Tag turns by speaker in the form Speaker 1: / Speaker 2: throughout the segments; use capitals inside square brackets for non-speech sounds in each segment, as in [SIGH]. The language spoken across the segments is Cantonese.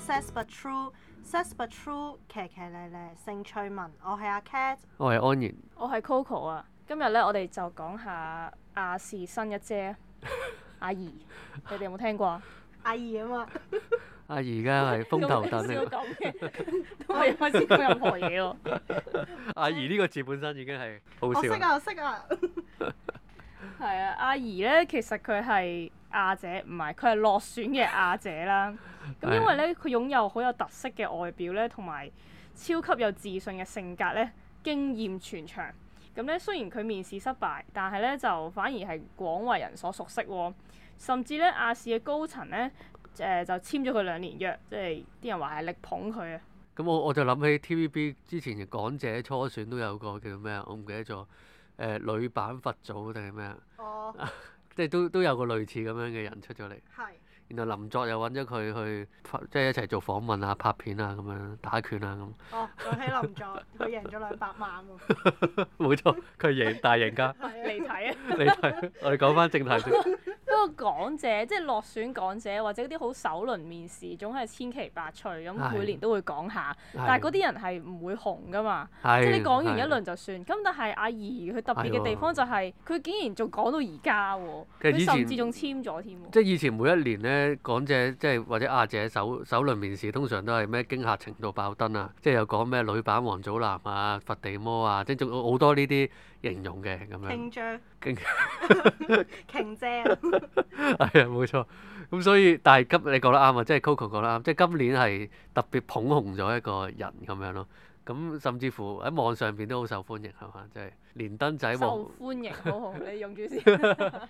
Speaker 1: says but true, says but true，騎騎咧咧，姓趣文。我係阿 Cat，我係安然，我係 Coco 啊。今日咧，我哋就講下亞視新一姐 [LAUGHS] 阿怡，
Speaker 2: 你哋有冇聽過啊？ [LAUGHS] 阿怡啊嘛，
Speaker 3: 阿怡而家係風頭大，你都係唔少講嘅，都係唔會講任何嘢。阿怡呢個字本身已經係好笑。 [LAUGHS] 我識啊，我
Speaker 2: 識啊。係 [LAUGHS] 啊， [LAUGHS] [LAUGHS] 阿怡咧，其實佢係。亞姐唔係，佢係落選嘅亞姐啦。咁、嗯、因為咧，佢擁有好有特色嘅外表咧，同埋超級有自信嘅性格咧，驚豔全場。咁、嗯、咧，雖然佢面試失敗，但係咧就反而係廣為人所熟悉喎、哦。甚至咧，亞視嘅高層咧，誒、呃、就簽咗佢兩年約，即係啲人話係力捧佢
Speaker 3: 啊。咁我我就諗起 TVB 之前港姐初選都有個叫咩啊？我唔記得咗。誒、呃，女版佛祖定係咩啊？哦。Oh. [LAUGHS] 即係都都有個類似咁樣嘅人出咗嚟，是然後林作又揾咗佢去，即係一齊做訪問啊、拍片啊咁樣、打拳啊咁。哦，佢喺林作，
Speaker 1: 佢 [LAUGHS] 贏咗兩百萬
Speaker 3: 喎、啊。冇 [LAUGHS] 錯，佢係贏大贏家。係，
Speaker 2: 離題啊！離 [LAUGHS] 題，我哋講翻正題先。 [LAUGHS] 個港姐即係落選港姐或者啲好首輪面試總係千奇百趣咁，每年都會講下，的但係嗰啲人係唔會紅噶嘛，的即係你講完一輪就算。咁的但係阿怡佢特別嘅地方就係、是、佢的竟然仲講到而家喎，佢甚至仲簽咗添。
Speaker 3: 即係以、就是、以前每一年呢，港姐即係或者亞姐首首輪面試通常都係咩驚嚇程度爆燈啊，即係又講咩女版王祖藍啊、佛地魔啊，即係仲有好多呢啲。形容嘅咁樣，傾將，
Speaker 1: 傾借
Speaker 3: [LAUGHS] 姐，係 [LAUGHS] 啊，冇錯。咁所以，但係今你講得啱啊，即、就、係、是、Coco 講得啱，即、就、係、是、今年係特別捧紅咗一個人咁樣咯。咁甚至乎喺網上邊都好受歡迎，係嘛？即係連登仔，受歡迎好紅， [LAUGHS] 你
Speaker 2: 用住先。係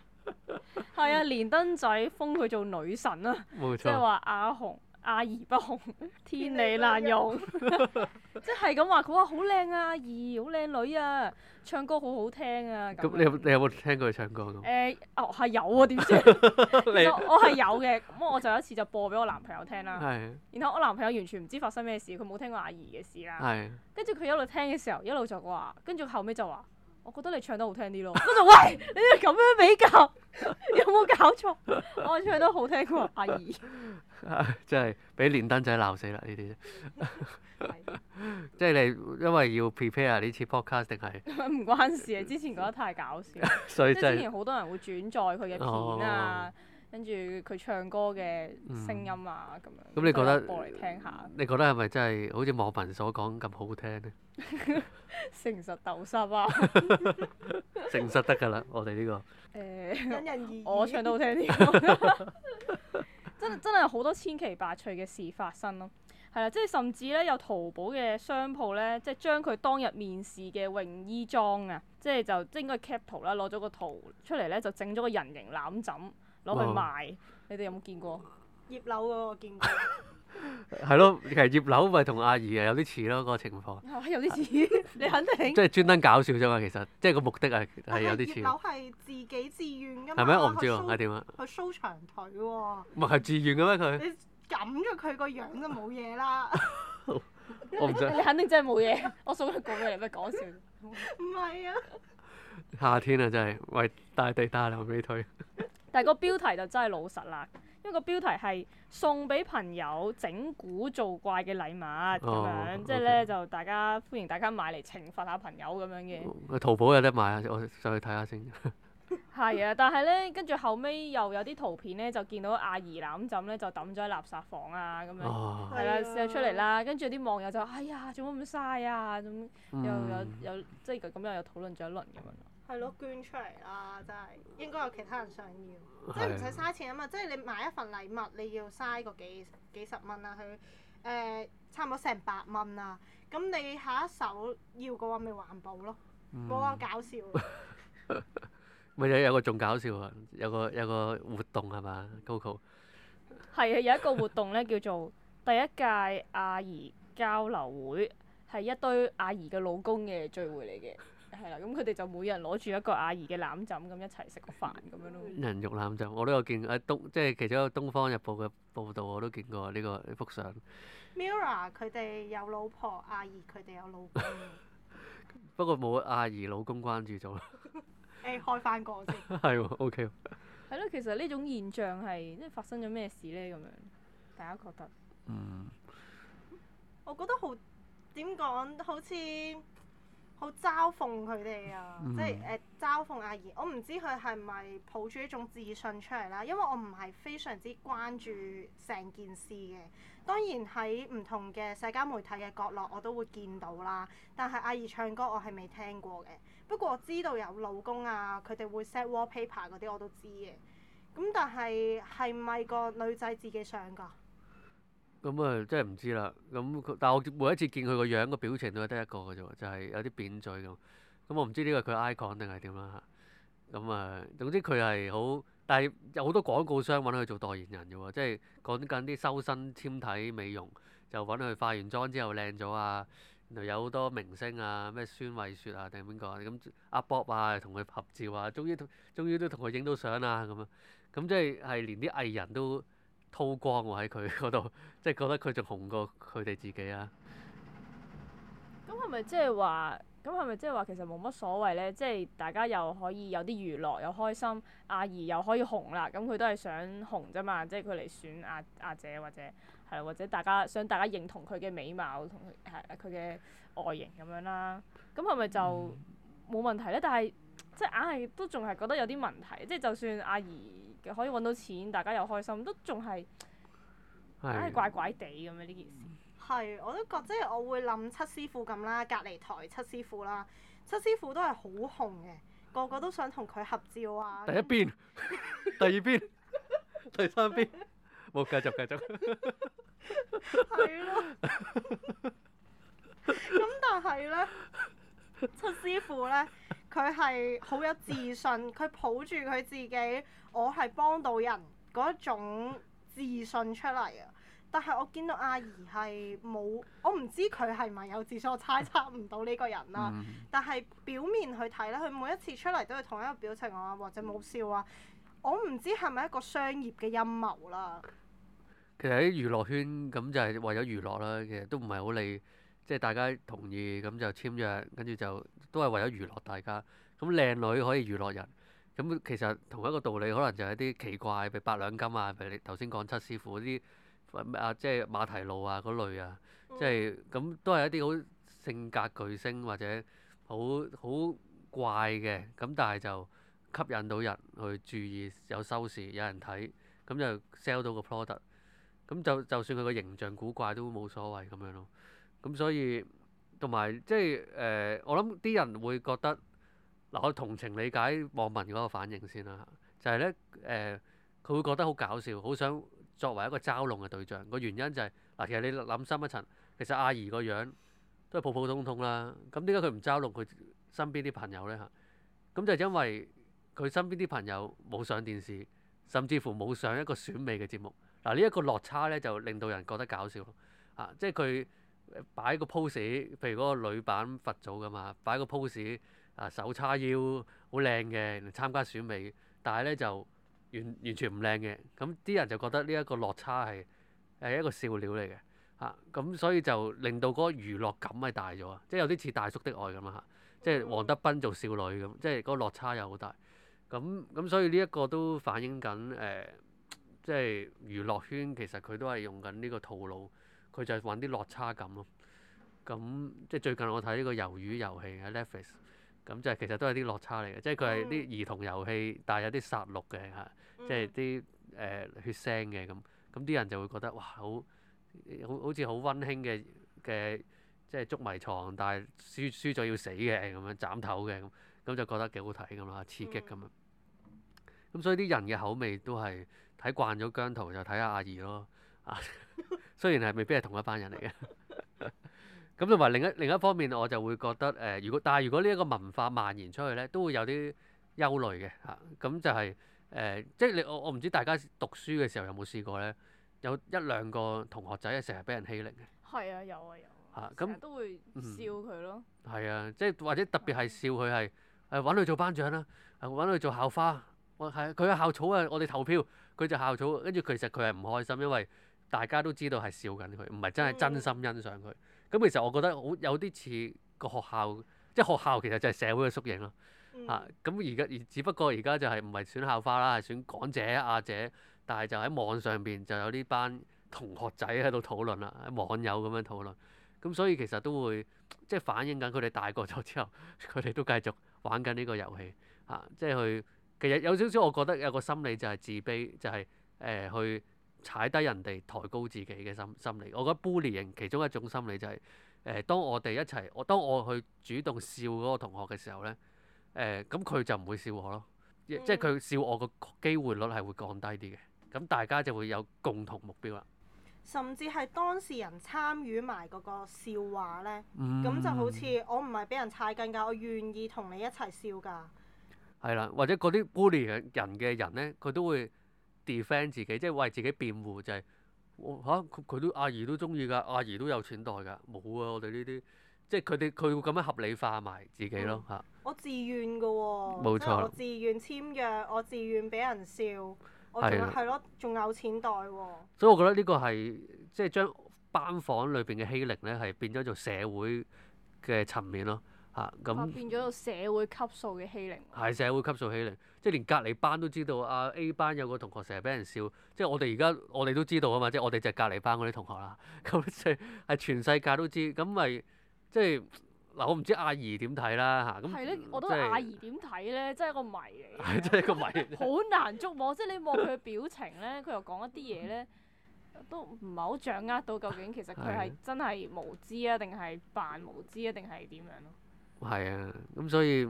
Speaker 2: [LAUGHS] 啊，連登仔封佢做女神冇、啊、啦，即係話阿紅。阿儀不紅，天理難容，即係咁話。佢話好靚啊，阿儀好靚女啊，唱歌好好聽啊。咁你有
Speaker 3: 你有冇聽過佢唱歌？
Speaker 2: 誒、欸，哦係有啊，點知？ [LAUGHS] 你 我我係有嘅。咁 [LAUGHS] 我就有一次就播俾我男朋友聽啦。 [LAUGHS] 然後我男朋友完全唔知發生咩事，佢冇聽過阿儀嘅事啦。跟住佢一路聽嘅時候，一路就話，跟住後尾就話。我覺得你唱得好聽啲咯，我話 [LAUGHS] 喂，你哋咁樣比較 [LAUGHS] 有冇搞錯？ [LAUGHS] 我唱得好聽過阿姨，
Speaker 3: 真係俾連登仔鬧死啦！呢啲 [LAUGHS] [LAUGHS] [LAUGHS] 即係你係因為要 prepare 下呢次 podcast 定 [LAUGHS] 係
Speaker 2: 唔關事啊？之前覺得太搞笑， [LAUGHS] 所以就 [LAUGHS] 之前好多人會轉載佢嘅片啊。 [LAUGHS] [LAUGHS] [LAUGHS] 跟住佢唱歌嘅聲音啊，咁樣咁、嗯嗯、你覺得？播嚟聽下。
Speaker 3: 你覺得係咪真係好似網民所講咁好聽咧？
Speaker 2: 誠實斗濕啊！
Speaker 3: 誠 [LAUGHS] 實得㗎啦，我哋呢、呢個誒，因、uh,
Speaker 2: 人而我，我唱得好聽啲
Speaker 3: [LAUGHS] [LAUGHS] ，
Speaker 2: 真真係好多千奇百趣嘅事發生咯。係 [LAUGHS] 啦，即係甚至咧，有淘寶嘅商鋪咧，即係將佢當日面試嘅泳衣裝啊，即、就、係、係、就，就應該係 cap 圖啦，攞咗個圖出嚟咧，就整咗個人形攬枕。攞去賣，你哋有冇見過？葉柳嗰個見過？
Speaker 3: 係咯，其實葉柳咪同阿怡有啲似咯，個情況。
Speaker 2: 有啲似，你肯定？即係
Speaker 3: 專登搞笑啫嘛，其實即係個目的係係有啲似。葉柳
Speaker 1: 係自己自願㗎嘛？係咪？我唔知喎，係點啊？佢縮長腿喎。唔係自願嘅咩佢？你撳咗佢個樣都冇嘢啦。
Speaker 3: 我唔信。你
Speaker 2: 肯定真係冇嘢？我數
Speaker 1: 佢個㗎，你咩講笑。唔係啊！
Speaker 3: 夏天啊，真係喂，大地大長腿。
Speaker 2: 但係個標題就真係老實啦，因為個標題係送俾朋友整蠱做怪嘅禮物咁、哦、樣，即係咧就大家歡迎大家買嚟懲罰下朋友咁樣嘅。
Speaker 3: 淘寶有得買啊，我上去睇下先。
Speaker 2: 係 [LAUGHS] 啊，但係咧，跟住後尾又有啲圖片咧，就見到阿姨攬枕咧就抌咗喺垃圾房啊，咁樣係啦，試、哦啊啊、出嚟啦，跟住啲網友就哎呀，做乜咁嘥啊？咁又有有即係咁樣又討論咗一輪咁樣。 [LAUGHS]
Speaker 1: 係咯，捐出嚟啦！真係應該有其他人想要，的即係唔使嘥錢啊嘛！即係你買一份禮物，你要嘥個幾十幾十蚊啦、啊，佢誒、呃、差唔多成百蚊啦、啊。咁你下一手要嘅話，咪環保咯，冇咁、嗯、搞笑。
Speaker 3: 咪 [LAUGHS] [LAUGHS] 有有個仲搞笑啊！有個有個活動係嘛，Goku。
Speaker 2: 係啊，有一個活動咧，叫做第一屆阿姨交流會，係一堆阿姨嘅老公嘅聚會嚟嘅。係啦，咁佢哋就每人攞住一個阿姨嘅攬枕咁一齊食個飯咁樣咯。
Speaker 3: 人肉攬枕，我都有見。啊東，即係其中一個《東方日報》嘅報導，我都見過呢個呢幅相。
Speaker 1: Mira 佢哋有老婆，阿姨佢哋有老公。
Speaker 3: [LAUGHS] 不過冇阿姨老公關注咗。
Speaker 1: 誒、 [LAUGHS] 欸，開翻個
Speaker 3: 先。係喎 [LAUGHS] ，OK。
Speaker 1: 係咯， [LAUGHS] 其實呢種現象係即係發生咗咩事咧？咁樣大家覺得。嗯。我覺得好點講，好似。好嘲諷佢哋啊！Mm hmm. 即係誒、呃、嘲諷阿怡，我唔知佢係咪抱住一種自信出嚟啦。因為我唔係非常之關注成件事嘅。當然喺唔同嘅社交媒體嘅角落我都會見到啦。但係阿怡唱歌我係未聽過嘅。不過我知道有老公啊，佢哋會 set wallpaper 嗰啲我都知嘅。咁但係係咪個女仔自己上㗎？
Speaker 3: 咁啊，真係唔知啦。咁、嗯、但我每一次見佢個樣個表情都係得一個嘅啫喎，就係、是、有啲扁嘴咁。咁我唔知呢個佢 icon 定係點啦。咁、嗯、啊、嗯，總之佢係好，但係有好多廣告商揾佢做代言人嘅喎，即係講緊啲修身、纖體、美容就揾佢化完妝之後靚咗啊。然後有好多明星啊，咩孫慧雪啊定係邊個啊咁阿 Bob 啊，同佢合照啊，終於終於都同佢影到相啦咁啊。咁、嗯嗯、即係係連啲藝人都。偷光喎喺佢嗰度，即係覺得佢仲紅過佢哋自己啊！
Speaker 2: 咁係咪即係話？咁係咪即係話其實冇乜所謂咧？即係大家又可以有啲娛樂又開心，阿怡又可以紅啦。咁佢都係想紅啫嘛，即係佢嚟選阿阿姐或者係、啊、或者大家想大家認同佢嘅美貌同佢嘅外形咁樣啦。咁係咪就冇問題咧？嗯、但係即硬係都仲係覺得有啲問題，即係就算阿怡可以揾到錢，大家又開心，都仲係硬係怪怪地咁樣呢件事。
Speaker 1: 係，我都覺即係我會諗七師傅咁啦，隔離台七師傅啦，七師傅都係好紅嘅，個個都想同佢合照啊。第一邊，
Speaker 3: [LAUGHS] 第二邊， [LAUGHS] 第三邊，冇繼續繼續。係
Speaker 1: 咯。咁 [LAUGHS] [LAUGHS] 是的 [LAUGHS] 但係咧，七師傅咧。佢係好有自信，佢抱住佢自己，我係幫到人嗰種自信出嚟啊！但係我見到阿怡係冇，我唔知佢係咪有自信，我猜測唔到呢個人啦。但係表面去睇咧，佢每一次出嚟都係同一個表情啊，或者冇笑啊，我唔知係咪一個商業嘅陰謀啦。
Speaker 3: 其實喺娛樂圈咁就係為咗娛樂啦，其實都唔係好理。即係大家同意咁就簽約，跟住就都係為咗娛樂大家。咁靚女可以娛樂人，咁其實同一個道理，可能就係一啲奇怪，譬如八兩金啊，譬如你頭先講七師傅嗰啲啊，即係馬蹄露啊嗰類啊，嗯、即係咁都係一啲好性格巨星或者好好怪嘅咁，但係就吸引到人去注意，有收視，有人睇，咁就 sell 到個 product。咁就就算佢個形象古怪都冇所謂咁樣咯。咁、嗯、所以同埋即係誒、呃，我諗啲人會覺得嗱，我同情理解網民嗰個反應先啦。就係咧誒，佢、呃、會覺得好搞笑，好想作為一個嘲弄嘅對象。個原因就係、是、嗱，其實你諗深一層，其實阿儀個樣都係普普通通啦。咁點解佢唔嘲弄佢身邊啲朋友咧？嚇，咁就因為佢身邊啲朋友冇上電視，甚至乎冇上一個選美嘅節目。嗱、啊，呢、這、一個落差咧就令到人覺得搞笑咯。啊，即係佢。擺個 pose，譬如嗰個女版佛祖咁啊，擺個 pose，啊手叉腰，好靚嘅，參加選美，但係咧就完完全唔靚嘅，咁、嗯、啲人就覺得呢一個落差係係一個笑料嚟嘅，嚇、啊，咁、嗯、所以就令到嗰個娛樂感係大咗啊，即係有啲似大叔的愛咁啊，即係黃德斌做少女咁，即係嗰個落差又好大，咁、嗯、咁、嗯、所以呢一個都反映緊誒、呃，即係娛樂圈其實佢都係用緊呢個套路。佢就揾啲落差感咯，咁即係最近我睇呢個魷魚遊戲啊，Netflix，咁就係其實都係啲落差嚟嘅，即係佢係啲兒童遊戲，但係有啲殺戮嘅嚇，即係啲誒血腥嘅咁，咁啲人就會覺得哇好，好似好溫馨嘅嘅，即係捉迷藏，但係輸輸咗要死嘅咁樣斬頭嘅咁，咁就覺得幾好睇咁啦，刺激咁啊，咁、mm. 所以啲人嘅口味都係睇慣咗姜濤就睇下阿姨咯，啊 [LAUGHS] 雖然係未必係同一班人嚟嘅，咁同埋另一另一方面，我就會覺得誒，呃、如果但係如果呢一個文化蔓延出去咧，都會有啲憂慮嘅嚇。咁、啊嗯、就係、是、誒、呃，即係你我我唔知大家讀書嘅時候有冇試過咧，有一兩個同學仔成日俾人欺凌嘅。
Speaker 2: 係啊，有啊，有嚇、
Speaker 3: 啊，咁、啊啊、都會笑佢咯。係、嗯、啊，即係或者特別係笑佢係誒揾佢做班長啦、啊，誒揾佢做校花，我係佢係校草啊，我哋投票佢就校草，跟住其實佢係唔開心，因為。大家都知道係笑緊佢，唔係真係真心欣賞佢。咁、嗯、其實我覺得好有啲似個學校，即係學校其實就係社會嘅縮影咯。嚇、嗯啊，咁而家而只不過而家就係唔係選校花啦，係選港姐、亞、啊、姐，但係就喺網上邊就有呢班同學仔喺度討論啦、啊，網友咁樣討論。咁、啊、所以其實都會即係反映緊佢哋大個咗之後，佢哋都繼續玩緊呢個遊戲。嚇、啊，即係去其實有少少，我覺得有個心理就係自卑，就係、是、誒、欸、去。踩低人哋抬高自己嘅心心理，我覺得 bullying 其中一種心理就係、是、誒、呃，當我哋一齊，我當我去主動笑嗰個同學嘅時候咧，誒咁佢就唔會笑我咯，嗯、即係佢笑我個機會率係會降低啲嘅。咁大家就會有共同目標啦。
Speaker 1: 甚至係當事人參與埋嗰個笑話咧，咁、嗯、就好似我唔係俾人踩緊㗎，我願意同你一齊笑㗎。
Speaker 3: 係啦，或者嗰啲 bullying 人嘅人咧，佢都會。defend 自己，即係為自己辯護、就是，就係我佢都阿姨都中意㗎，阿姨都有錢袋㗎，冇啊！我哋呢啲即係佢哋佢會咁樣合理化埋自己咯嚇。嗯
Speaker 1: 啊、我自願㗎喎、冇錯，即係我自願簽約，我自願俾人笑，我仲係咯，仲的有錢袋喎、
Speaker 3: 哦。所以我覺得呢個係即係將班房裏邊嘅欺凌咧，係變咗做社會嘅層面咯。嚇咁、啊、變
Speaker 1: 咗個社會級
Speaker 2: 數嘅欺凌，
Speaker 3: 係社會級數欺凌，即係連隔離班都知道啊 A 班有個同學成日俾人笑，即係我哋而家我哋都知道啊嘛，即係我哋就隔離班嗰啲同學啦。咁即係係全世界都知，咁咪即係嗱我唔知阿怡點睇啦嚇。係、嗯、咧、嗯嗯，我都阿怡
Speaker 2: 點睇咧，即係一個謎嚟。
Speaker 3: 係 [LAUGHS] 真係一個謎。好
Speaker 2: [LAUGHS] 難捉摸，即係 [LAUGHS] 你望佢嘅表情咧，佢又講一啲嘢咧，都唔係好掌握到究竟其實佢係真係無知啊，定係扮無知啊，定係點樣咯？
Speaker 3: 係啊，咁所以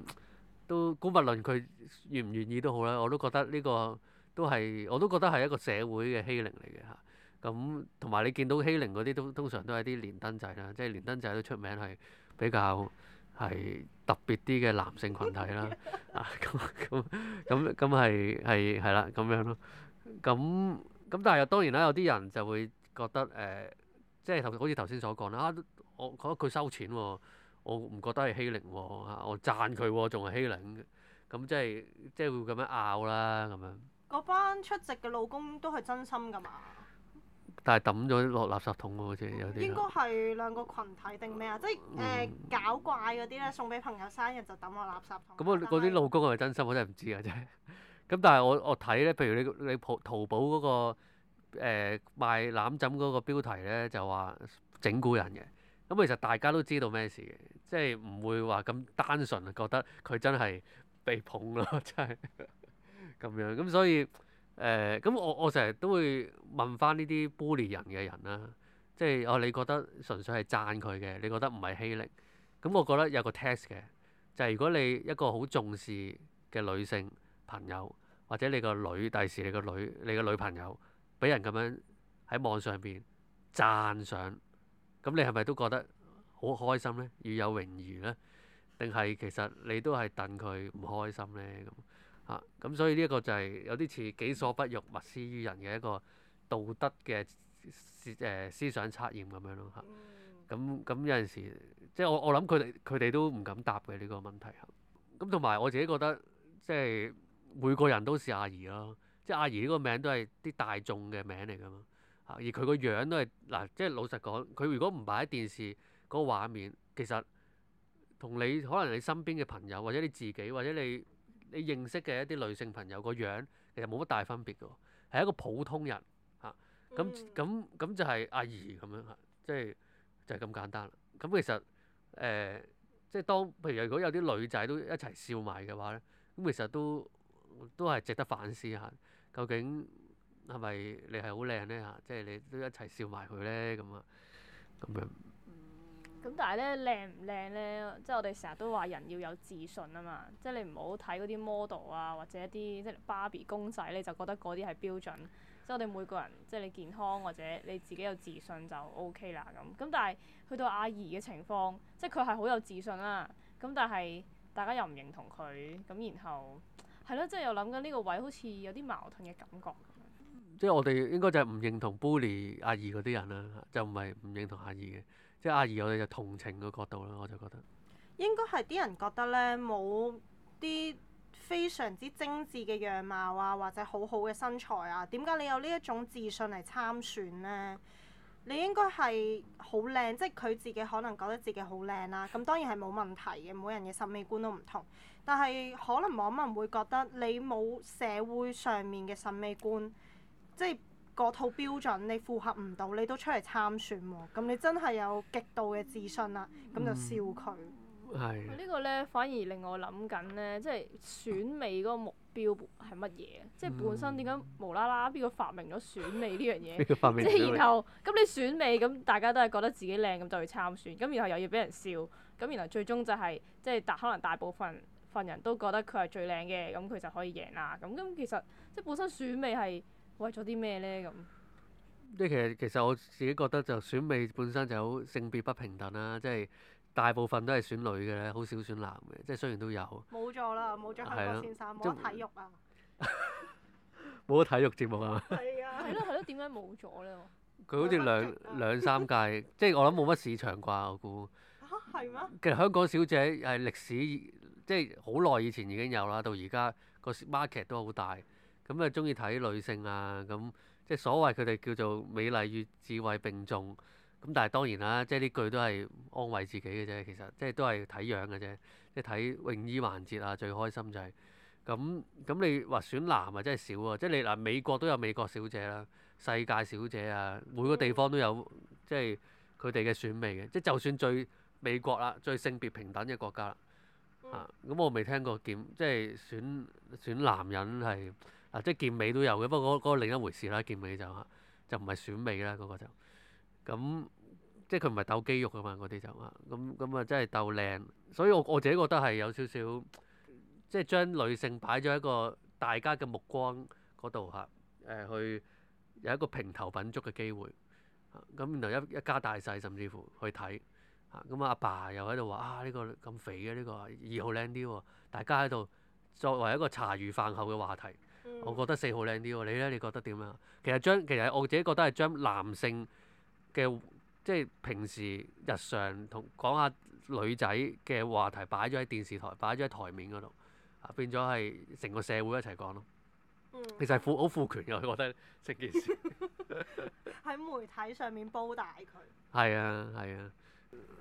Speaker 3: 都姑勿論佢願唔願意都好啦，我都覺得呢個都係我都覺得係一個社會嘅欺凌嚟嘅嚇。咁同埋你見到欺凌嗰啲都通常都係啲連登仔啦，即係連登仔都出名係比較係特別啲嘅男性群體啦。 [LAUGHS] 啊咁咁咁咁係係係啦，咁、嗯嗯嗯嗯嗯嗯嗯、樣咯。咁咁但係又當然啦、啊，有啲人就會覺得誒，即係好似頭先所講啦。啊，我覺得佢收錢喎。我唔覺得係欺凌喎、哦，我讚佢喎、哦，仲係欺凌，咁、嗯、即係即係會咁樣拗啦，咁樣。
Speaker 1: 嗰班出席嘅老公都係真心㗎嘛？
Speaker 3: 但係抌咗落垃圾桶喎，好似有啲。應該
Speaker 1: 係兩個群體定咩啊？嗯、即係誒、呃、搞怪嗰啲咧，送俾朋友生日就抌落垃
Speaker 3: 圾桶。咁嗰啲老公係咪真心，我真係唔知啊，真係。咁但係我我睇咧，譬如你你，你淘寶嗰、那個誒、呃、賣攬枕嗰個標題咧，就話整蠱人嘅。咁其實大家都知道咩事嘅，即係唔會話咁單純覺得佢真係被捧咯，真係咁樣。咁、嗯、所以誒，咁、呃、我我成日都會問翻呢啲 bully 人嘅人啦，即係哦，你覺得純粹係讚佢嘅，你覺得唔係欺凌？咁我覺得有個 test 嘅，就係、是、如果你一個好重視嘅女性朋友，或者你個女，第時你個女你個女朋友俾人咁樣喺網上邊讚賞。咁你係咪都覺得好開心咧？與有榮譽咧，定係其實你都係戥佢唔開心咧？咁啊，咁所以呢一個就係有啲似己所不欲，勿施於人嘅一個道德嘅誒思、呃、思想測驗咁樣咯嚇。咁咁有陣時，即係我我諗佢哋佢哋都唔敢答嘅呢、這個問題。咁同埋我自己覺得，即係每個人都是阿怡咯，即係阿怡呢個名都係啲大眾嘅名嚟㗎嘛。啊！而佢個樣都係嗱，即係老實講，佢如果唔擺喺電視嗰個畫面，其實同你可能你身邊嘅朋友，或者你自己，或者你你認識嘅一啲女性朋友個樣，其實冇乜大分別喎，係一個普通人啊。咁咁咁就係阿姨咁樣嚇，啊，即係就係咁簡單。咁、啊、其實誒、呃，即係當譬如如果有啲女仔都一齊笑埋嘅話咧，咁其實都都係值得反思下究竟。係咪你係好靚咧？嚇，即係你都一齊笑埋佢咧，咁啊、嗯，咁樣。
Speaker 2: 咁但係咧靚唔靚咧？即係我哋成日都話人要有自信啊嘛。即係你唔好睇嗰啲 model 啊，或者啲即係芭比公仔，你就覺得嗰啲係標準。即係我哋每個人，即係你健康或者你自己有自信就 OK 啦。咁咁但係去到阿怡嘅情況，即係佢係好有自信啦、啊。咁但係大家又唔認同佢咁，然後係咯，即係、就是、又諗緊呢個位好似有啲矛盾嘅感覺。
Speaker 3: 即係我哋應該就係唔認同 Bully 阿儀嗰啲人啦，就唔係唔認同阿儀嘅。即係阿儀，我哋就同情嘅角度啦。我就覺得
Speaker 1: 應該係啲人覺得咧冇啲非常之精緻嘅樣貌啊，或者好好嘅身材啊，點解你有呢一種自信嚟參選咧？你應該係好靚，即係佢自己可能覺得自己好靚啦。咁當然係冇問題嘅，每人嘅審美觀都唔同，但係可能網民會覺得你冇社會上面嘅審美觀。即係嗰套標準，你符合唔到，你都出嚟參選喎。咁你真係有極度嘅自信啦，咁就笑佢。嗯、
Speaker 3: 係呢
Speaker 2: 個咧反而令我諗緊咧，即係選美嗰個目標係乜嘢？即係本身點解無啦啦邊個發明咗選美呢樣嘢？即係然後咁你選美咁，大家都係覺得自己靚，咁就去參選。咁然後又要俾人笑，咁然後最終就係、是、即係大可能大部分份人都覺得佢係最靚嘅，咁佢就可以贏啦。咁咁其實即係本身選美係，為咗啲咩咧？咁
Speaker 3: 即係其實其實我自己覺得就選美本身就好性別不平等啦，即係大部分都係選女嘅，好少選男嘅。即係雖然都有
Speaker 1: 冇咗啦，冇咗香港先生，冇
Speaker 3: 咗、啊、以體育啊，冇咗 [LAUGHS] 體育
Speaker 1: 節目 [LAUGHS] 啊。係 [LAUGHS] 啊！係咯係咯，點解冇咗咧？
Speaker 3: 佢 [LAUGHS] 好似兩、啊、 [LAUGHS] 兩三屆，即係我諗冇乜市場啩，我估
Speaker 1: 係咩？ [LAUGHS] 嗎其實香港
Speaker 3: 小姐係歷史即係好耐以前已經有啦，到而家個 market 都好大。咁誒中意睇女性啊！咁、嗯、即係所謂佢哋叫做美麗與智慧並重。咁、嗯、但係當然啦、啊，即係呢句都係安慰自己嘅啫。其實即係都係睇樣嘅啫，即係睇泳衣環節啊，最開心就係咁咁。你話選男啊，真係少啊？即係你嗱，美國都有美國小姐啦，世界小姐啊，每個地方都有即係佢哋嘅選美嘅。即就算最美國啦，最性別平等嘅國家啦，啊咁、嗯嗯嗯、我未聽過點即係選選男人係。啊，即係健美都有嘅，不過嗰嗰另一回事啦。健美就就唔係選美啦，嗰個就咁即係佢唔係鬥肌肉噶嘛，嗰啲就啊咁咁啊，真係鬥靚。所以我我自己覺得係有少少即係將女性擺咗一個大家嘅目光嗰度嚇誒去有一個平頭品足嘅機會，咁然後一一家大細甚至乎去睇，咁阿爸又喺度話，啊呢個咁肥嘅，呢個二號靚啲喎，大家喺度作為一個茶餘飯後嘅話題。嗯、我覺得四號靚啲喎，你咧你覺得點啊？其實將其實我自己覺得係將男性嘅即係平時日常同講下女仔嘅話題擺咗喺電視台，擺咗喺台面嗰度，啊變咗係成個社會一齊講咯。嗯、其實係賦好賦權㗎，我覺得成件事
Speaker 1: 喺 [LAUGHS] [LAUGHS] 媒體上面煲大佢。
Speaker 3: 係啊，係啊。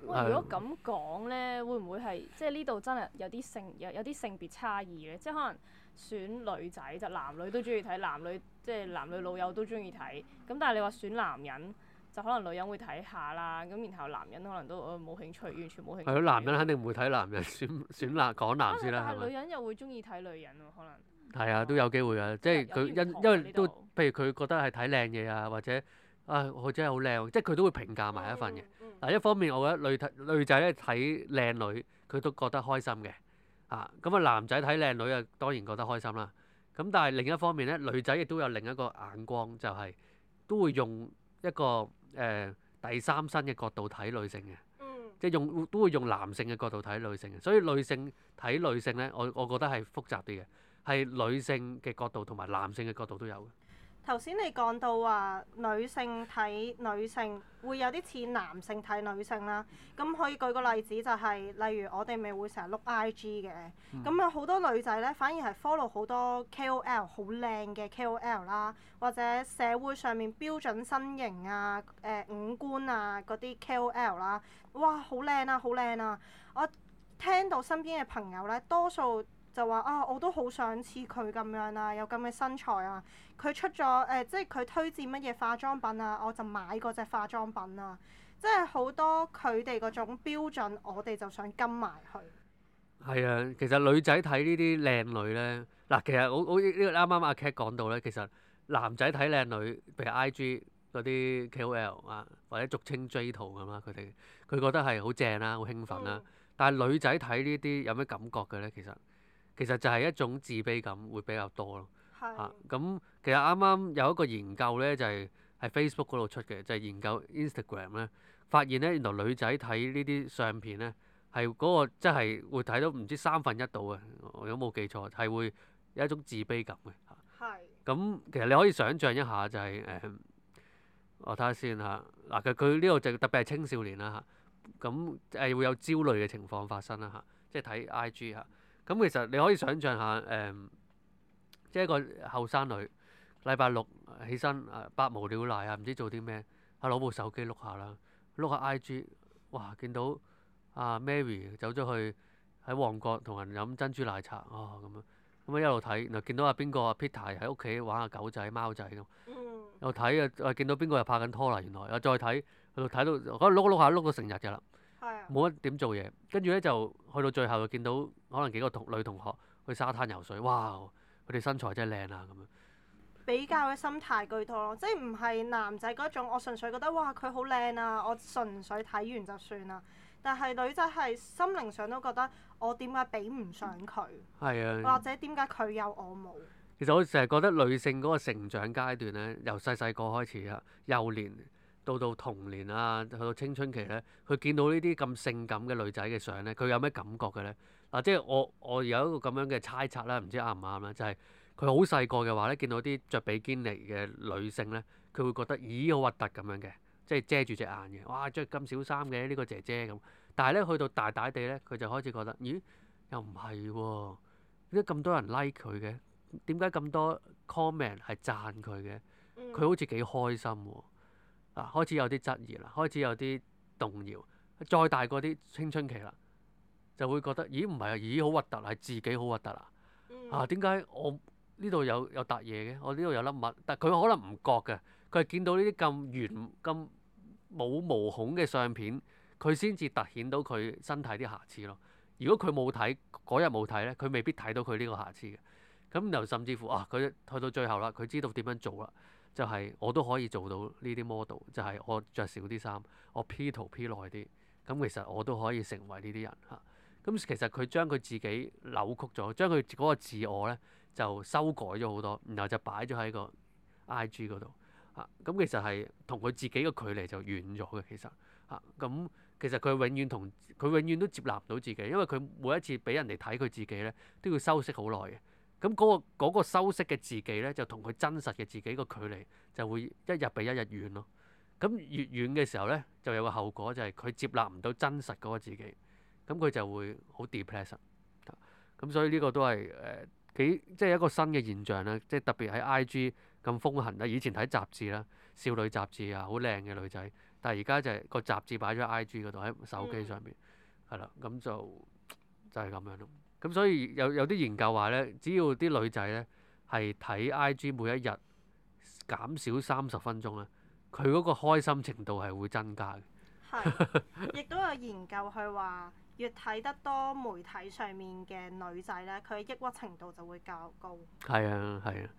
Speaker 3: 喂！如果咁
Speaker 2: 講咧，會唔會係即係呢度真係有啲性有有啲性別差異呢？即係可能選女仔就男女都中意睇，男女即係男女老友都中意睇。咁但係你話選男人，就可能女人會睇下啦。咁然後男人可能都冇、呃、興趣，完全冇興趣。係咯、嗯，男
Speaker 3: 人肯定唔會睇男人，選選男講男先啦，但係、嗯？女
Speaker 2: 人又會中意睇女人喎，可能。
Speaker 3: 係、嗯、啊，都有機會嘅，嗯、即係佢因因為都譬如佢覺得係睇靚嘢啊，或者。啊、哎！我真係好靚、哦，即係佢都會評價埋一份嘅。嗱、嗯，嗯、但一方面我覺得女睇女仔咧睇靚女，佢都覺得開心嘅。啊，咁、嗯、啊男仔睇靚女啊當然覺得開心啦。咁、嗯、但係另一方面咧，女仔亦都有另一個眼光，就係、是、都會用一個誒、呃、第三身嘅角度睇女性嘅，嗯、即係用都會用男性嘅角度睇女性嘅。所以女性睇女性咧，我我覺得係複雜啲嘅，係女性嘅角度同埋男性嘅角度都有。
Speaker 1: 頭先你講到話女性睇女性會有啲似男性睇女性啦，咁可以舉個例子就係、是，例如我哋咪會成日碌 IG 嘅，咁有好多女仔咧反而係 follow 好多 KOL 好靚嘅 KOL 啦，或者社會上面標準身形啊、誒、呃、五官啊嗰啲 KOL 啦，哇好靚啊好靚啊！我聽到身邊嘅朋友咧多數。就話啊！我都好想似佢咁樣啊，有咁嘅身材啊。佢出咗誒、呃，即係佢推薦乜嘢化妝品啊，我就買嗰隻化妝品啊。即係好多佢哋嗰種標準，我哋就想跟埋去。
Speaker 3: 係啊，其實女仔睇呢啲靚女咧，嗱、啊，其實我我呢個啱啱阿 Cat 講到咧，其實男仔睇靚女，譬如 I G 嗰啲 K O L 啊，或者俗稱 J 圖咁啦，佢哋佢覺得係好正啦，好興奮啦、啊。嗯、但係女仔睇呢啲有咩感覺嘅咧？其實。其實就係一種自卑感會比較多咯，嚇咁是、啊、其實啱啱有一個研究咧，就係、是、喺 Facebook 嗰度出嘅，就係、是、研究 Instagram 咧，發現咧原來女仔睇呢啲相片咧係嗰個即係會睇到唔知三分一度嘅，如果冇記錯係會有一種自卑感嘅。咁是、啊、其實你可以想象一下就係、是、誒、嗯，我睇下先嚇嗱佢佢呢個就特別係青少年啦、啊、嚇，咁、啊、誒、嗯嗯、會有焦慮嘅情況發生啦、啊、嚇，即係睇 I G 嚇。咁其實你可以想象下，誒，即係一個後生女，禮拜六起身啊，百無聊賴啊，唔知做啲咩，啊，攞部手機碌下啦，碌下 IG，哇，見到阿 Mary 走咗去喺旺角同人飲珍珠奶茶，哦咁樣，咁，啊，一路睇，然後見到阿邊個阿 Peter 喺屋企玩下狗仔貓仔咁，又睇啊，見到邊個又拍緊拖啦，原來，又再睇，佢睇到，可能碌下碌下碌到成日㗎啦。冇乜點做嘢，跟住咧就去到最後就見到可能幾個同女同學去沙灘游水，哇！佢哋身材真係靚啊咁樣。
Speaker 1: 比較嘅心態居多咯，即係唔係男仔嗰種，我純粹覺得哇佢好靚啊，我純粹睇完就算啦。但係女仔係心靈上都覺得我點解比唔上佢？
Speaker 3: 係、嗯、啊。或者
Speaker 1: 點解佢有我冇？
Speaker 3: 其實我成日覺得女性嗰個成長階段咧，由細細個開始啊，幼年。到到童年啊，去到青春期咧，佢見到呢啲咁性感嘅女仔嘅相咧，佢有咩感覺嘅咧？嗱、啊，即係我我有一個咁樣嘅猜測啦、啊，唔知啱唔啱啦，就係佢好細個嘅話咧，見到啲著比堅尼嘅女性咧，佢會覺得咦好核突咁樣嘅，即係遮住隻眼嘅，哇著咁少衫嘅呢個姐姐咁。但係咧，去到大大地咧，佢就開始覺得咦又唔係喎，點解咁多人 like 佢嘅？點解咁多 comment 係讚佢嘅？佢好似幾開心喎。啊，開始有啲質疑啦，開始有啲動搖，再大過啲青春期啦，就會覺得，咦唔係啊，咦好核突啊，係自己好核突啊！啊，點解我呢度有有笪嘢嘅？我呢度有粒物，但佢可能唔覺嘅，佢係見到呢啲咁圓咁冇毛孔嘅相片，佢先至突顯到佢身體啲瑕疵咯。如果佢冇睇嗰日冇睇咧，佢未必睇到佢呢個瑕疵嘅。咁又甚至乎啊，佢去到最後啦，佢知道點樣做啦。就係我都可以做到呢啲 model，就係、是、我著少啲衫，我 P 圖 P 耐啲，咁、嗯、其實我都可以成為呢啲人嚇。咁、嗯嗯、其實佢將佢自己扭曲咗，將佢嗰個自我咧就修改咗好多，然後就擺咗喺個 IG 嗰度嚇。咁、嗯嗯嗯、其實係同佢自己嘅距離就遠咗嘅、嗯嗯嗯，其實嚇。咁其實佢永遠同佢永遠都接納唔到自己，因為佢每一次俾人哋睇佢自己咧都要修飾好耐嘅。咁嗰個、那個嗰個、那個修飾嘅自己咧，就同佢真實嘅自己個距離就會一日比一日遠咯。咁越遠嘅時候咧，就有個後果就係、是、佢接納唔到真實嗰個自己，咁佢就會好 depression。咁、啊、所以呢個都係誒、呃、幾即係一個新嘅現象咧、啊，即係特別喺 IG 咁風行啦、啊。以前睇雜誌啦、啊，少女雜誌啊，好靚嘅女仔，但係而家就係個雜誌擺咗喺 IG 嗰度，喺手機上邊，係啦、嗯，咁就就係、是、咁樣咯。咁所以有有啲研究話咧，只要啲女仔咧係睇 I G 每一日減少三十分鐘咧，佢嗰個開心程度係會增加嘅。係是，
Speaker 1: 亦 [LAUGHS] 都有研究去話，越睇得多媒體上面嘅女仔咧，佢抑鬱程度就會較高。
Speaker 3: 係啊，係啊。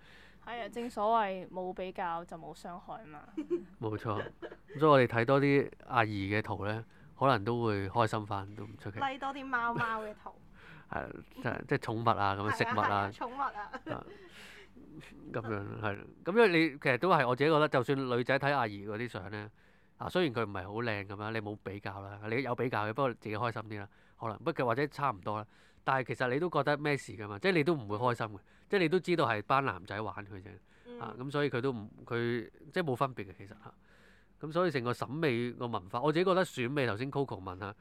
Speaker 1: 係 [LAUGHS] 啊，正所謂冇比較就冇傷害嘛。
Speaker 3: 冇 [LAUGHS] 錯，所以我哋睇多啲阿姨嘅圖咧，可能都會開心翻，都唔出奇。睇
Speaker 1: 多啲貓貓嘅圖。 [LAUGHS]
Speaker 3: 係，即係即係寵物啊，咁樣食物啊，寵物啊，咁樣係，咁因為你其實都係我自己覺得，就算女仔睇阿姨嗰啲相咧，啊雖然佢唔係好靚咁樣，你冇比較啦，你有比較嘅，不過自己開心啲啦，可能不過或者差唔多啦，但係其實你都覺得咩事噶嘛，即係你都唔會開心嘅，即係你都知道係班男仔玩佢啫，啊咁、嗯啊嗯、所以佢都唔佢即係冇分別嘅其實嚇，咁、啊嗯、所以成個審美個文化，我自己覺得選美頭先 Coco 問下。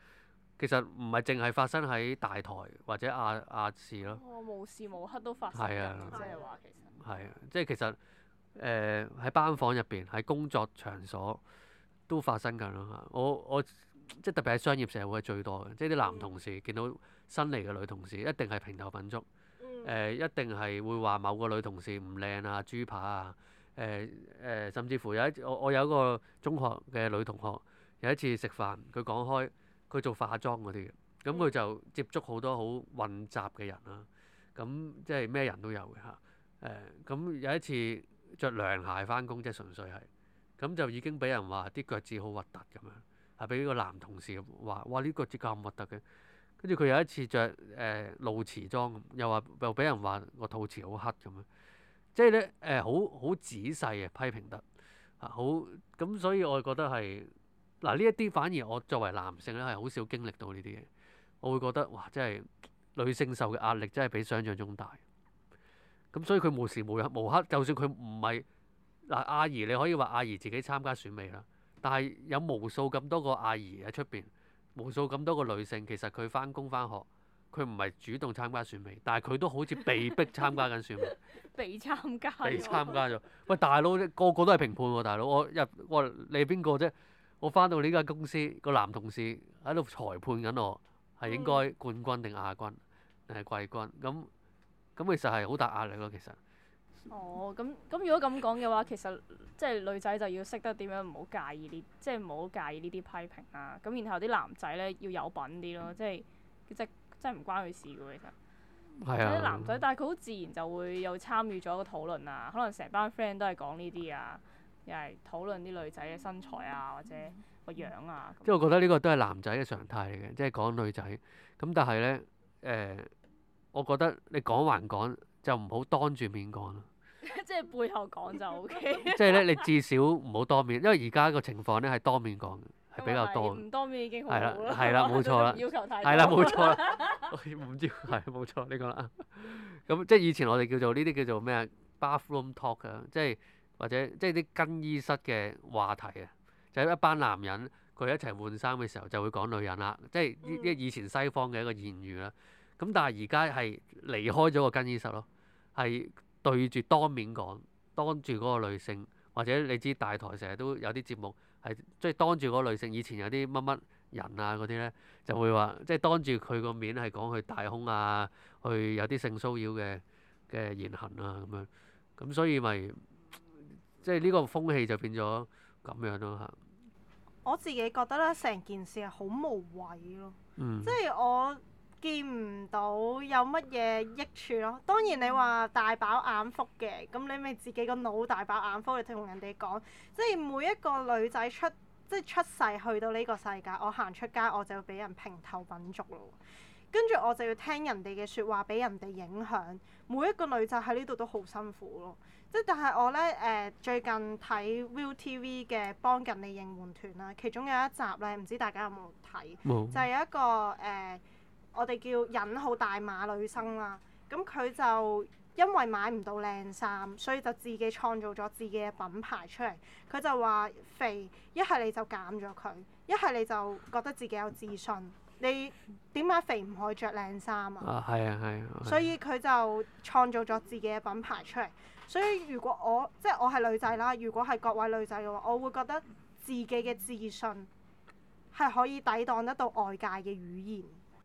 Speaker 3: 其實唔係淨係發生喺大台或者亞亞視咯。我、哦、無
Speaker 2: 時無刻都發生緊。佢又話：其
Speaker 3: 實、啊、即係其實誒喺、呃、班房入邊，喺工作場所都發生緊咯。我我即係特別喺商業社會係最多嘅，即係啲男同事見到新嚟嘅女同事，一定係評頭品足誒、呃，一定係會話某個女同事唔靚啊、豬扒啊誒誒、呃呃，甚至乎有一我我有一個中學嘅女同學，有一次食飯，佢講開。佢做化妝嗰啲嘅，咁佢就接觸好多好混雜嘅人啦，咁即係咩人都有嘅嚇。誒、呃，咁有一次著涼鞋返工，即係純粹係，咁就已經俾人話啲腳趾好核突咁樣，係、啊、俾個男同事話：哇，呢腳趾咁核突嘅。跟住佢有一次著誒、呃、露臍裝，又話又俾人話個肚臍好黑咁樣，即係咧誒好好仔細嘅、啊、批評得，好、啊、咁，所以我覺得係。嗱，呢一啲反而我作為男性咧，係好少經歷到呢啲嘢。我會覺得哇，真係女性受嘅壓力真係比想像中大。咁所以佢無時無日無刻，就算佢唔係嗱，阿姨，你可以話阿姨自己參加選美啦，但係有無數咁多個阿姨喺出邊，無數咁多個女性其實佢翻工翻學，佢唔係主動參加選美，但係佢都好似被逼參加緊選美。
Speaker 2: [LAUGHS] 被參加。被參加
Speaker 3: 咗。喂，大佬，個個都係評判喎，大佬，我入喂你係邊個啫？我翻到呢間公司，個男同事喺度裁判緊我，係應該冠軍定亞軍定係季軍？咁咁其實係好大壓力咯，其實。哦，
Speaker 2: 咁咁如果咁講嘅話，其實即係女仔就要識得點樣唔好介意呢，即係唔好介意呢啲批評啊。咁然後啲男仔咧要有品啲咯，即係即即係唔關佢事噶喎，其實。係啊。啲男仔，但係佢好自然就會有參與咗個討論啊。可能成班 friend 都係講呢啲啊。又係討論啲女仔嘅身材啊，或者個樣啊。樣
Speaker 3: 即係我覺得呢個都係男仔嘅常態嚟嘅，即係講女仔。咁但係咧，誒、欸，我覺得你講還講，就唔好當住面講咯。
Speaker 2: [LAUGHS] 即係背後講就 OK。即係咧，你至
Speaker 3: 少唔好當面，因為而家個情況咧係當面講，係 [LAUGHS] 比較多。唔當面已經好啦。係啦，冇錯啦。 [LAUGHS] 要求太高。係 [LAUGHS] 啦， [LAUGHS] [LAUGHS] 冇錯啦。唔知係冇錯呢個啦。咁即係以前我哋叫做呢啲叫做咩啊？Bathroom talk 啊，即係。或者即係啲更衣室嘅話題啊，就係一班男人佢一齊換衫嘅時候就會講女人啦，即係呢呢以前西方嘅一個言語啦。咁但係而家係離開咗個更衣室咯，係對住當面講，當住嗰個女性或者你知大台成日都有啲節目係即係當住嗰個女性，以前有啲乜乜人啊嗰啲咧就會話即係當住佢個面係講佢大胸啊，佢有啲性騷擾嘅嘅言行啊咁樣，咁所以咪。即係呢個風氣就變咗咁樣咯嚇。
Speaker 1: 我自己覺得咧，成件事係好無謂咯。嗯、即係我見唔到有乜嘢益處咯。當然你話大飽眼福嘅，咁你咪自己個腦大飽眼福，你同人哋講。即係每一個女仔出即係出世去到呢個世界，我行出街我就要俾人評頭品足嘞。跟住我就要聽人哋嘅説話，俾人哋影響。每一個女仔喺呢度都好辛苦咯。即係但係我咧誒、呃、最近睇 Viu TV 嘅幫緊你應援團啦，其中有一集咧，唔知大家有冇睇？冇有。就有一個誒、呃，我哋叫引號大碼女生啦。咁佢就因為買唔到靚衫，所以就自己創造咗自己嘅品牌出嚟。佢就話肥一係你就減咗佢，一係你就覺得自己有自信。你點解肥唔可以着靚衫啊？啊，
Speaker 3: 係啊，係、啊。啊、所以
Speaker 1: 佢就創造咗自己嘅品牌出嚟。所以如果我即係、就是、我係女仔啦，如果係各位女仔嘅話，我會覺得自己嘅自信係可以抵擋得到外界嘅語言。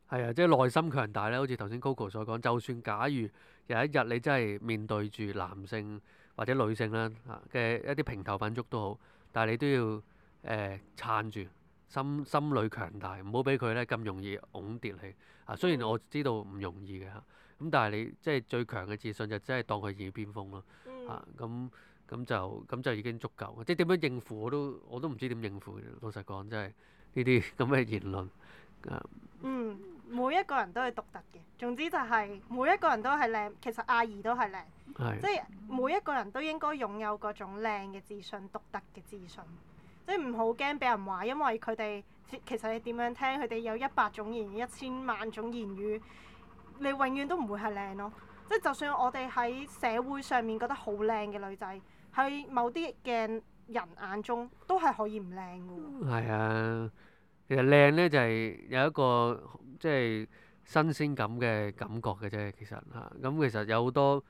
Speaker 3: 係啊，即係內心強大咧。好似頭先 Coco 所講，就算假如有一日你真係面對住男性或者女性啦嘅一啲評頭品足都好，但係你都要誒、呃、撐住。心心裏強大，唔好俾佢咧咁容易㧬跌你。啊，雖然我知道唔容易嘅嚇，咁但係你即係最強嘅自信就只係當佢耳邊風咯。嗯、啊，咁咁就咁就已經足夠。即係點樣應付我都我都唔知點應付。老實講，真係呢啲咁嘅言論。啊、嗯，
Speaker 1: 每一個人都係獨特嘅。總之就係每一個人都係靚，其實阿儀都係靚。係。即係每一個人都應該擁有嗰種靚嘅自信，獨特嘅自信。即係唔好驚俾人話，因為佢哋其實你點樣聽，佢哋有一百種言語，一千萬種言語，你永遠都唔會係靚咯。即係就算、是、我哋喺社會上面覺得好靚嘅女仔，喺某啲嘅人眼中都係可以唔靚嘅
Speaker 3: 喎。係啊，其實靚呢就係、是、有一個即係、就是、新鮮感嘅感覺嘅啫。其實嚇咁、啊，其實有好多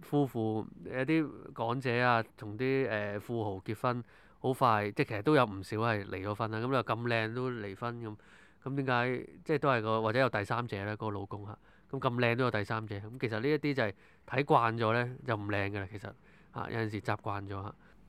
Speaker 3: 夫婦有啲港姐啊，同啲誒富豪結婚。好快，即其實都有唔少係離咗婚啦。咁又咁靚都離婚咁，咁點解？即都係個或者有第三者咧，個老公嚇。咁咁靚都有第三者。咁其實呢一啲就係睇慣咗咧，就唔靚噶啦。其實啊、嗯，有陣時習慣咗嚇。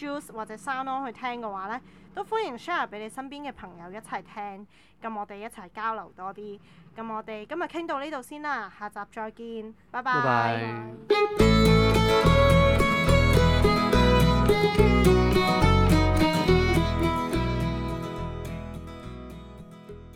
Speaker 1: juice 或者 SoundOn 去聽嘅話咧，都歡迎 share 俾你身邊嘅朋友一齊聽，咁我哋一齊交流多啲，咁我哋今日傾到呢度先啦，下集再見，拜拜 bye。Bye
Speaker 3: bye。